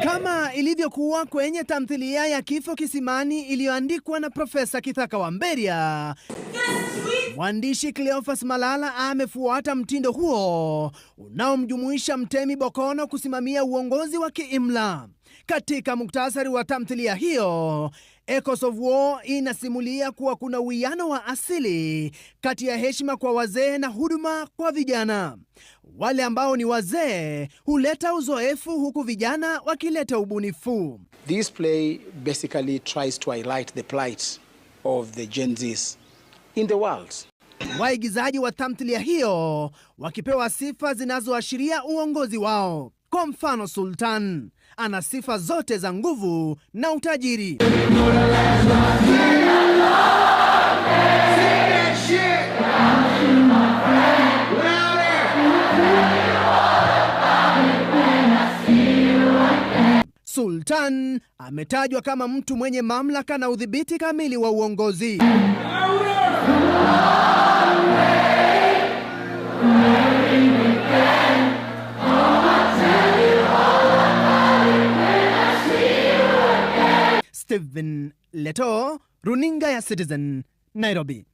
Kama ilivyokuwa kwenye tamthilia ya Kifo Kisimani iliyoandikwa na Profesa Kithaka wa mberia Mwandishi Cleophas Malala amefuata mtindo huo unaomjumuisha Mtemi Bokono kusimamia uongozi wa kiimla. Katika muktasari wa tamthilia hiyo, Echoes of War inasimulia kuwa kuna uwiano wa asili kati ya heshima kwa wazee na huduma kwa vijana. Wale ambao ni wazee huleta uzoefu huku vijana wakileta ubunifu. This play basically tries to highlight the plight of the Gen Zs in the world. Waigizaji wa tamthilia hiyo wakipewa sifa zinazoashiria uongozi wao. Kwa mfano, Sultan ana sifa zote za nguvu na utajiri. Sultan ametajwa kama mtu mwenye mamlaka na udhibiti kamili wa uongozi. Stephen Leto, runinga ya Citizen, Nairobi.